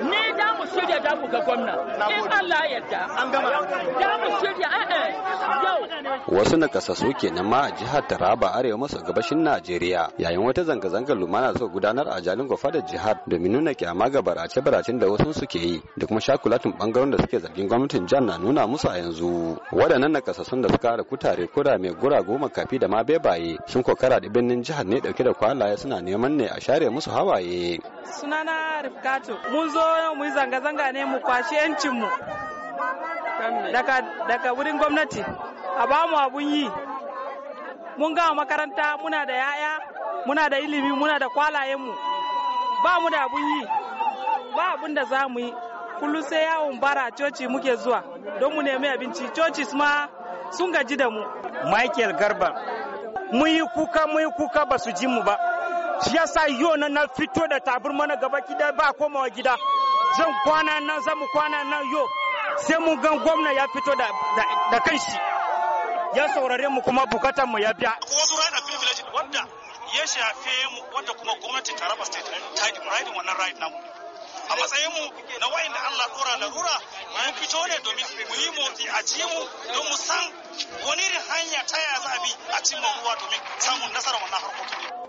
Neda! mu shirya da mu ga gwamna in Allah yarda an gama da mu shirya eh, eh. yau wasu nakasassu kenan ma jihar Taraba arewa maso gabashin Najeriya yayin wata zanga-zangar lumana suka gudanar a Jalin Gofa da jihar domin nuna kyama ga barace-baracen da wasu suke yi da kuma shakulatin bangaren da suke zargin gwamnatin jihar na nuna musu a yanzu waɗannan nakasassun da suka da kutare kura mai gura goma kafi da ma bebaye sun kokara da birnin jihar ne dauke da kwalaye suna neman ne a share musu hawaye sunana Rifkatu mun zo mu yi zanga-zanga ne mu kwashi 'yancinmu daga wurin gwamnati a ba mu abun yi mun gama makaranta muna da yaya muna da ilimi muna da kwalayenmu ba mu da abun yi ba abun da za mu yi kullum sai yawon bara coci muke zuwa don mu nemi abinci coci ma sun gaji da mu michael garba mun yi kuka mun yi kuka ba su ji mu ba shi yasa yau na fito da taburma na gaba gida ba komawa gida zan kwana nan za mu kwana nan yo sai mun gan gwamna ya fito da kanshi ya saurare mu kuma bukatar mu ya biya wanda ya shafe mu wanda kuma gwamnati state ta yi riding wannan right namu a matsayin mu na wayan da Allah dora larura mun fito ne domin mu yi motsi a ji mu don mu san wani hanya ta yaya za a bi a cimma ruwa domin samun nasara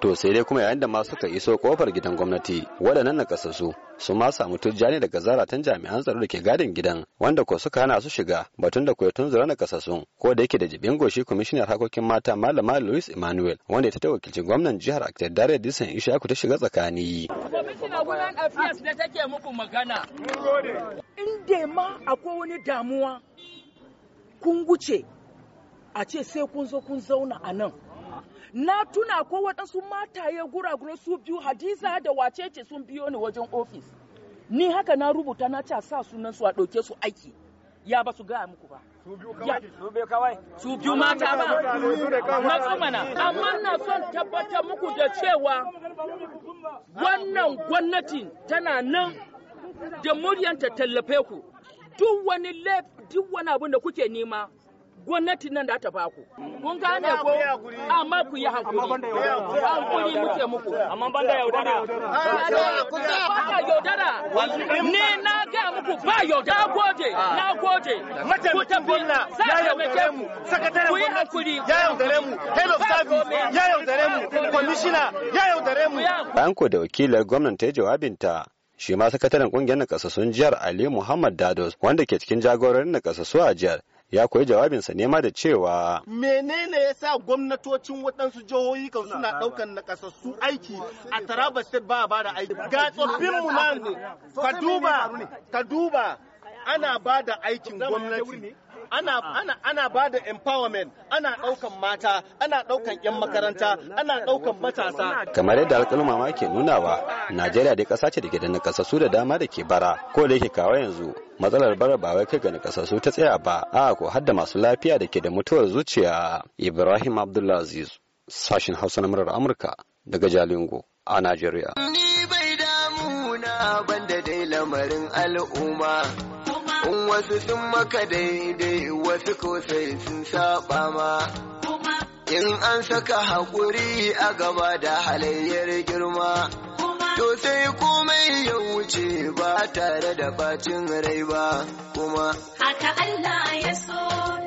to sai dai kuma yayin da ma suka iso kofar gidan gwamnati waɗannan nakasassu su ma samu tujjani daga zaratan jami'an tsaro da ke gadin gidan wanda ko suka hana su shiga batun da koyatun zura na nakasassun ko da yake da jibin goshi kwamishinar Hakokin mata malama louis emmanuel wanda ita ta wakilci gwamnan jihar aktar dare disan ishaku ta shiga tsakani inda ma akwai wani damuwa kun wuce a ce sai kun zo kun zauna a nan na tuna ko waɗansu mataye guraguro su biyu hadiza da wacece sun biyo ni wajen ofis ni haka na rubuta na ce sa sunan su a ɗauke su aiki ya ba su gaya muku ba su biyu mata ba mana amma na son tabbatar muku da cewa wannan gwamnatin tana nan da muryanta tallafe ku duk wani abin da kuke nema gwamnati nan da ta baku. Kun gane ko amma ku yi hakuri. Hankuri muke muku. Amma ban da yaudara. Ba ka yaudara. Ne na ga muku ba yaudara. Na gode. Na gode. Ku tafi sa ya muke mu. Sakataren ku yi hakuri. Ya yaudare mu. Head of service ya yaudare mu. Commissioner ya yaudare mu. Bayan ko da wakilar gwamnati ta yi jawabinta. Shi ma sakataren kungiyar nakasassun jihar Ali Muhammad Dados wanda ke cikin jagororin nakasassu a jihar ya koyi jawabinsa nema da cewa menene ya sa gwamnatocin waɗansu jihohi kan suna ɗaukar nakasassu aiki a taraba state ba ba da aiki ga tsoffinmu nan ka duba ka duba ana ba da aikin gwamnati ana ba da empowerment ana ɗaukan mata ana ɗaukan 'yan makaranta ana ɗaukan matasa kamar yadda alƙaluma ma ke nunawa najeriya dai ƙasa ce da ke da nakasassu da dama da ke bara ko da yake kawo yanzu matsalar bara ba wai kai ga nakasassu ta tsaya ba a ko har da masu lafiya da ke da mutuwar zuciya ibrahim abdulaziz sashin hausa na murar amurka daga jalingo a najeriya ni bai damu na banda dai lamarin al'umma in wasu sun maka daidai wasu ko sun saba ma in an saka haƙuri a gaba da halayyar girma to sai komai ya wuce ba tare da bacin rai ba kuma haka Allah ya so